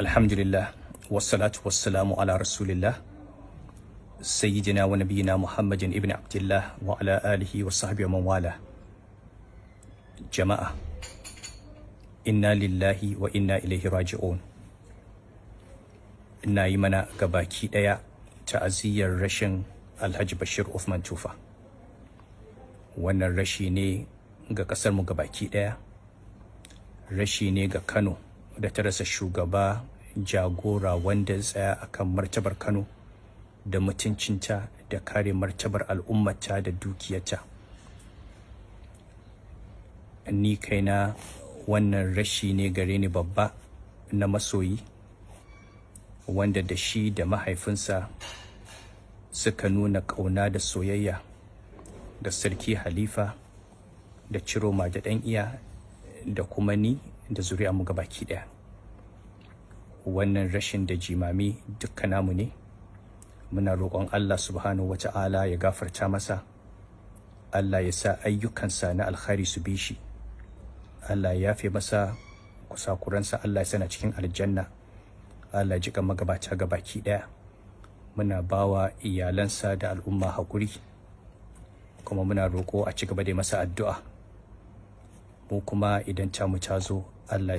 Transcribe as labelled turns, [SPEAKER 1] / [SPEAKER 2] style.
[SPEAKER 1] alhamdulillah wassalatu wassalamu ala rasulillah sayyidina wa nabiyina muhammadin ibn abdullah wa ala alihi wa sahbihi man wala jama'a inna lillahi wa inna ilaihi raji'un ina yi mana gabaki ɗaya ta'aziyyar rashin alhaji bashir Uthman tufa wannan rashi ne ga ƙasarmu mu gabaki ɗaya rashi ne ga kano da ta rasa shugaba jagora wanda ya tsaya akan martabar Kano da mutuncinta da kare martabar al'ummata da dukiyarta ni kaina wannan rashi ne gare ni babba na masoyi wanda da shi da mahaifinsa suka nuna ƙauna da soyayya ga sarki halifa da ciroma da ɗan iya da kuma ni da zuri'a mu gabaki ɗaya wannan rashin da jimami dukkan namu ne muna roƙon Allah subhanahu wata'ala ya gafarta masa Allah ya sa ayyukansa na alkhari su bi shi Allah ya yafe masa kusakuransa Allah ya sana cikin aljanna Allah ya jika magabata ga baki ɗaya. muna bawa iyalansa da al'umma hakuri kuma muna roƙo a ci gaba da masa addu'a mu kuma idan ta mu ta zo Allah ya